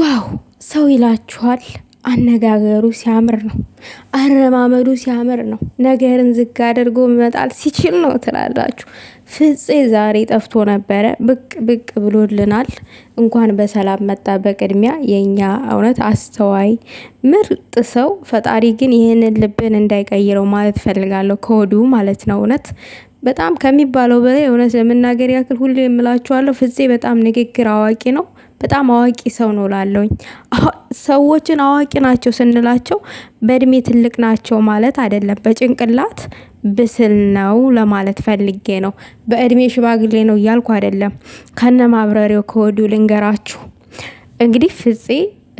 ዋው ሰው ይላችኋል። አነጋገሩ ሲያምር ነው፣ አረማመዱ ሲያምር ነው። ነገርን ዝግ አድርጎ መጣል ሲችል ነው ትላላችሁ። ፍፄ ዛሬ ጠፍቶ ነበረ፣ ብቅ ብቅ ብሎልናል። እንኳን በሰላም መጣ። በቅድሚያ የእኛ እውነት አስተዋይ ምርጥ ሰው። ፈጣሪ ግን ይህንን ልብን እንዳይቀይረው ማለት ፈልጋለሁ ከወዲሁ ማለት ነው እውነት በጣም ከሚባለው በላይ እውነት ለመናገር ያክል ሁሌ የምላችኋለሁ ፍፄ በጣም ንግግር አዋቂ ነው። በጣም አዋቂ ሰው ነው ላለውኝ ሰዎችን አዋቂ ናቸው ስንላቸው በእድሜ ትልቅ ናቸው ማለት አይደለም። በጭንቅላት ብስል ነው ለማለት ፈልጌ ነው። በእድሜ ሽባግሌ ነው እያልኩ አይደለም። ከነ ማብረሪያው ከወዲሁ ልንገራችሁ እንግዲህ ፍፄ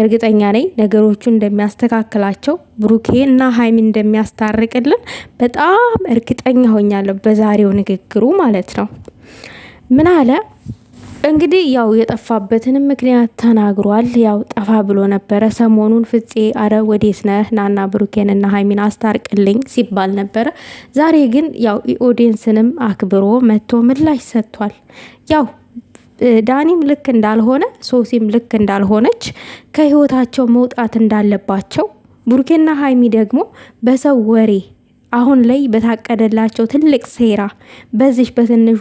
እርግጠኛ ነኝ ነገሮቹ እንደሚያስተካክላቸው ብሩኬ እና ሀይሚ እንደሚያስታርቅልን በጣም እርግጠኛ ሆኛለሁ፣ በዛሬው ንግግሩ ማለት ነው። ምን አለ እንግዲህ ያው የጠፋበትንም ምክንያት ተናግሯል። ያው ጠፋ ብሎ ነበረ ሰሞኑን ፍፄ አረ ወዴት ነህ ናና ብሩኬን እና ሀይሚን አስታርቅልኝ ሲባል ነበረ። ዛሬ ግን ያው ኦዲየንስንም አክብሮ መጥቶ ምላሽ ሰጥቷል ያው ዳኒም ልክ እንዳልሆነ ሶሲም ልክ እንዳልሆነች ከህይወታቸው መውጣት እንዳለባቸው ቡርኬና ሀይሚ ደግሞ በሰው ወሬ አሁን ላይ በታቀደላቸው ትልቅ ሴራ በዚሽ በትንሿ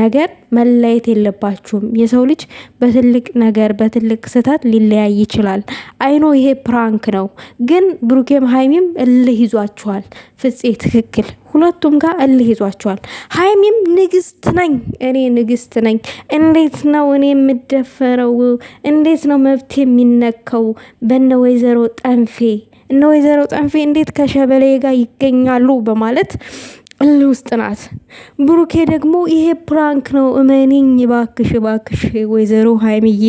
ነገር መለየት የለባችሁም። የሰው ልጅ በትልቅ ነገር በትልቅ ስህተት ሊለያይ ይችላል። አይኖ ይሄ ፕራንክ ነው፣ ግን ብሩኬም ሀይሚም እልህ ይዟችኋል። ፍፄ ትክክል ሁለቱም ጋር እልህ ይዟቸዋል። ሀይሚም ንግስት ነኝ እኔ ንግስት ነኝ፣ እንዴት ነው እኔ የምደፈረው? እንዴት ነው መብት የሚነከው በነ ወይዘሮ ጠንፌ እነ ወይዘሮ ጠንፌ እንዴት ከሸበሌ ጋር ይገኛሉ በማለት ውስጥ ናት። ብሩኬ ደግሞ ይሄ ፕራንክ ነው እመኒኝ፣ ባክሽ ባክሽ ወይዘሮ ሀይሚዬ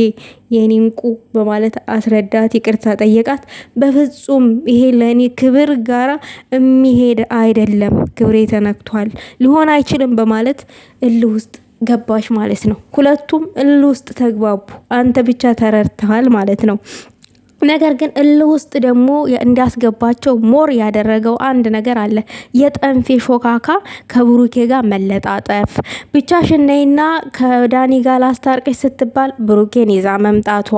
የኔ እንቁ በማለት አስረዳት፣ ይቅርታ ጠየቃት። በፍጹም ይሄ ለእኔ ክብር ጋራ የሚሄድ አይደለም፣ ክብሬ ተነክቷል፣ ሊሆን አይችልም በማለት እልህ ውስጥ ገባሽ ማለት ነው። ሁለቱም እልህ ውስጥ ተግባቡ። አንተ ብቻ ተረድተሃል ማለት ነው። ነገር ግን እልህ ውስጥ ደግሞ እንዲያስገባቸው ሞር ያደረገው አንድ ነገር አለ። የጠንፌ ሾካካ ከብሩኬ ጋር መለጣጠፍ ብቻ ሽነይና ከዳኒ ጋር ላስታርቅሽ ስትባል ብሩኬን ይዛ መምጣቷ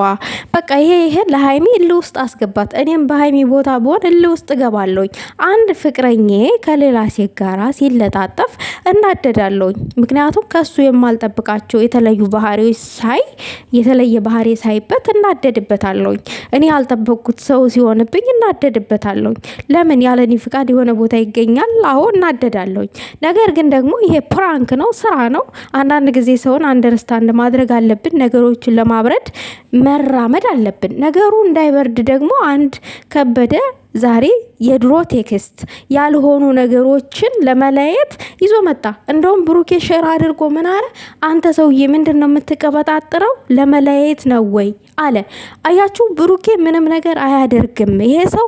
በቃ ይሄ ይህን ለሀይሚ እልህ ውስጥ አስገባት። እኔም በሀይሚ ቦታ ብሆን እልህ ውስጥ ገባለሁኝ። አንድ ፍቅረኜ ከሌላ ሴት ጋራ ሲለጣጠፍ እናደዳለሁኝ። ምክንያቱም ከሱ የማልጠብቃቸው የተለዩ ባህሪዎች ሳይ የተለየ ባህሪ ሳይበት እናደድበታለሁኝ እኔ ያልጠበቅኩት ሰው ሲሆንብኝ እናደድበታለሁ። ለምን ያለኔ ፍቃድ የሆነ ቦታ ይገኛል? አዎ እናደዳለሁኝ። ነገር ግን ደግሞ ይሄ ፕራንክ ነው፣ ስራ ነው። አንዳንድ ጊዜ ሰውን አንደርስታንድ ማድረግ አለብን። ነገሮችን ለማብረድ መራመድ አለብን። ነገሩ እንዳይበርድ ደግሞ አንድ ከበደ ዛሬ የድሮ ቴክስት ያልሆኑ ነገሮችን ለመለየት ይዞ መጣ። እንደውም ብሩኬ ሸር አድርጎ ምን አለ፣ አንተ ሰውዬ ምንድን ነው የምትቀበጣጥረው? ለመለየት ነው ወይ አለ። አያችሁ፣ ብሩኬ ምንም ነገር አያደርግም ይሄ ሰው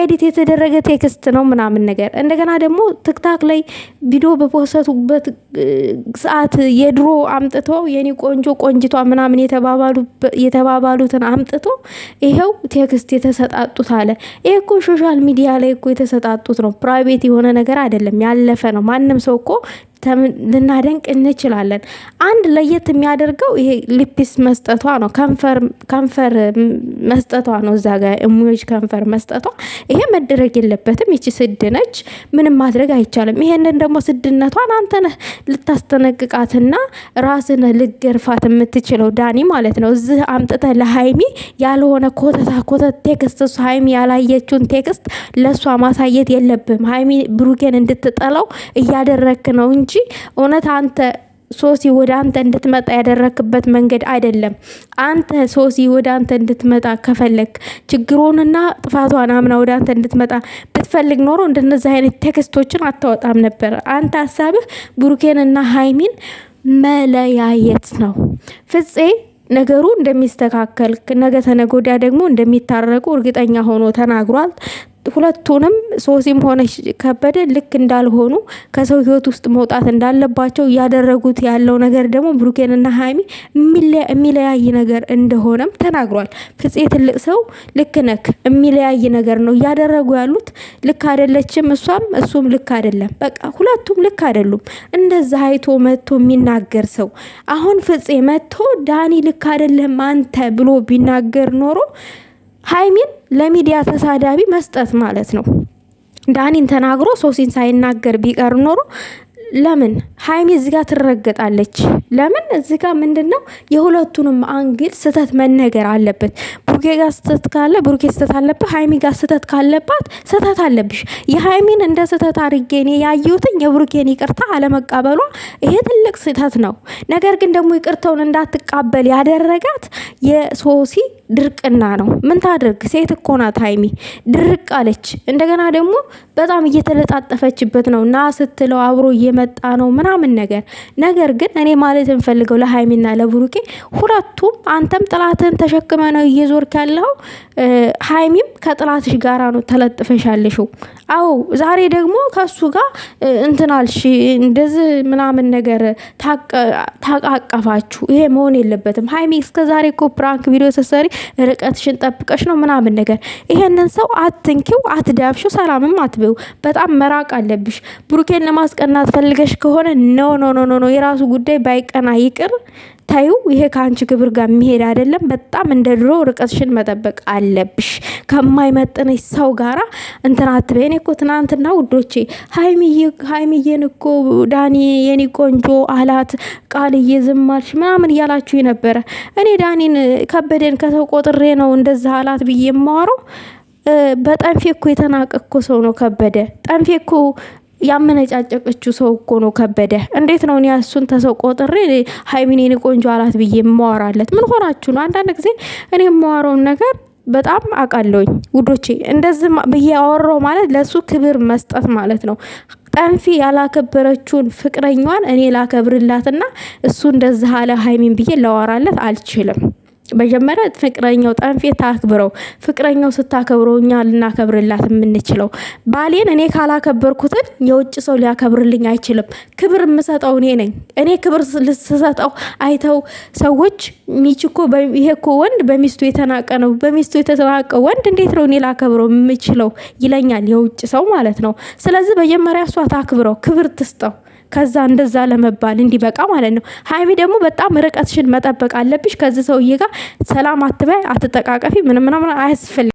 ኤዲት የተደረገ ቴክስት ነው ምናምን ነገር። እንደገና ደግሞ ትክታክ ላይ ቪዲዮ በፖሰቱበት ሰዓት የድሮ አምጥቶ የኔ ቆንጆ ቆንጅቷ ምናምን የተባባሉትን አምጥቶ ይሄው ቴክስት የተሰጣጡት አለ። ይሄ እኮ ሶሻል ሚዲያ ላይ እኮ የተሰጣጡት ነው። ፕራይቬት የሆነ ነገር አይደለም፣ ያለፈ ነው። ማንም ሰው እኮ ልናደንቅ እንችላለን። አንድ ለየት የሚያደርገው ይሄ ሊፕስ መስጠቷ ነው፣ ከንፈር መስጠቷ ነው። እዛ ጋ እሙዎች ከንፈር መስጠቷ ይሄ መደረግ የለበትም። ይቺ ስድ ነች፣ ምንም ማድረግ አይቻልም። ይሄንን ደግሞ ስድነቷን አንተ ነህ ልታስተነቅቃትና ራስን ልገርፋት የምትችለው ዳኒ ማለት ነው። እዚህ አምጥተ ለሀይሚ ያልሆነ ኮተታ ኮተት ቴክስት እሱ ሀይሚ ያላየችውን ቴክስት ለእሷ ማሳየት የለብም። ሀይሚ ብሩኬን እንድትጠላው እያደረክ ነው እንጂ እንጂ እውነት አንተ ሶሲ ወደ አንተ እንድትመጣ ያደረክበት መንገድ አይደለም። አንተ ሶሲ ወደ አንተ እንድትመጣ ከፈለግ ችግሮንና ጥፋቷን አምና ወደ አንተ እንድትመጣ ብትፈልግ ኖሮ እንደነዚህ አይነት ቴክስቶችን አታወጣም ነበር። አንተ ሀሳብህ ብሩኬንና ሀይሚን መለያየት ነው። ፍፄ ነገሩ እንደሚስተካከል ነገ ተነጎዳ ደግሞ እንደሚታረቁ እርግጠኛ ሆኖ ተናግሯል። ሁለቱንም ሶሲም ሆነች ከበደ ልክ እንዳልሆኑ ከሰው ህይወት ውስጥ መውጣት እንዳለባቸው እያደረጉት ያለው ነገር ደግሞ እና ሀይሚ የሚለያይ ነገር እንደሆነም ተናግሯል። ፍፄ ትልቅ ሰው ልክ ነክ የሚለያይ ነገር ነው እያደረጉ ያሉት ልክ አይደለችም፣ እሷም እሱም ልክ አይደለም። በቃ ሁለቱም ልክ አይደሉም። እንደዛ አይቶ መጥቶ የሚናገር ሰው አሁን ፍፄ መጥቶ ዳኒ ልክ አይደለም አንተ ብሎ ቢናገር ኖሮ ሀይሚን ለሚዲያ ተሳዳቢ መስጠት ማለት ነው። ዳኒን ተናግሮ ሶሲን ሳይናገር ቢቀር ኖሮ ለምን ሀይሚ እዚጋ ትረገጣለች? ለምን ጋር ምንድን ነው የሁለቱንም አንግል ስህተት መነገር አለበት። ብሩኬ ጋር ስህተት ካለ ብሩኬ ስህተት አለብህ፣ ሀይሚ ጋር ስህተት ካለባት ስህተት አለብሽ። የሀይሚን እንደ ስህተት አድርጌ እኔ ያየሁትን የብሩኬን ይቅርታ አለመቃበሏ ይሄ ትልቅ ስህተት ነው። ነገር ግን ደግሞ ይቅርታውን እንዳትቃበል ያደረጋት የሶሲ ድርቅና ነው። ምን ታድርግ? ሴት እኮ ናት ሀይሚ። ድርቅ አለች። እንደገና ደግሞ በጣም እየተለጣጠፈችበት ነው። ና ስትለው አብሮ እየመጣ ነው ምናምን ነገር። ነገር ግን እኔ ማለት እንፈልገው ለሀይሚና ለብሩኬ ሁለቱም አንተም ጥላትን ተሸክመ ነው እየዞር ያለው ሀይሚም ከጥላትሽ ጋራ ነው ተለጥፈሻለሽው አዎ ዛሬ ደግሞ ከሱ ጋር እንትን አልሽ እንደዚህ ምናምን ነገር ታቃቀፋችሁ። ይሄ መሆን የለበትም ሀይሚ። እስከ ዛሬ እኮ ፕራንክ ቪዲዮ ስትሰሪ ርቀትሽን ጠብቀሽ ነው ምናምን ነገር። ይሄንን ሰው አትንኪው፣ አትዳብሽው፣ ሰላምም አትበው። በጣም መራቅ አለብሽ። ብሩኬን ለማስቀናት ፈልገሽ ከሆነ ኖ ኖ ኖ ኖ፣ የራሱ ጉዳይ ባይቀና ይቅር ታዩ ይሄ ከአንቺ ክብር ጋር የሚሄድ አይደለም። በጣም እንደ ድሮ ርቀትሽን መጠበቅ አለብሽ። ከማይመጥነች ሰው ጋራ እንትን አትበይ። እኮ ትናንትና ውዶቼ ሀይሚዬን እኮ ዳኒ የኔ ቆንጆ አላት ቃልዬ ዝም ምናምን እያላችሁ የነበረ እኔ ዳኒን ከበደን ከሰው ቆጥሬ ነው እንደዛ አላት ብዬ የማወራው። በጠንፌ እኮ የተናቀ እኮ ሰው ነው ከበደ። ጠንፌ እኮ ያመነጫጨቀችው ሰው እኮ ነው ከበደ። እንዴት ነው እኔ እሱን ተሰው ቆጥሬ ሀይሚኔን ቆንጆ አላት ብዬ የማወራለት? ምን ሆናችሁ ነው? አንዳንድ ጊዜ እኔ የማወራውን ነገር በጣም አውቃለሁኝ ውዶቼ። እንደዚህ ብዬ አወራው ማለት ለእሱ ክብር መስጠት ማለት ነው። ጠንፊ ያላከበረችውን ፍቅረኛዋን እኔ ላከብርላትና እሱ እንደዚህ አለ ሀይሚን ብዬ ላወራለት አልችልም። መጀመሪያ ፍቅረኛው ጠንፌ ታክብረው። ፍቅረኛው ስታከብረው እኛ ልናከብርላት የምንችለው ባሌን እኔ ካላከበርኩትን የውጭ ሰው ሊያከብርልኝ አይችልም። ክብር የምሰጠው እኔ ነኝ። እኔ ክብር ስሰጠው አይተው ሰዎች ሚችኮ ይሄ እኮ ወንድ በሚስቱ የተናቀ ነው፣ በሚስቱ የተናቀ ወንድ እንዴት ነው እኔ ላከብረው የምችለው ይለኛል፣ የውጭ ሰው ማለት ነው። ስለዚህ መጀመሪያ እሷ ታክብረው፣ ክብር ትስጠው። ከዛ እንደዛ ለመባል እንዲበቃ ማለት ነው። ሀይሚ ደግሞ በጣም ርቀትሽን መጠበቅ አለብሽ። ከዚህ ሰውዬ ጋር ሰላም አትበይ፣ አትጠቃቀፊ፣ ምንም ምናምን አያስፈልግ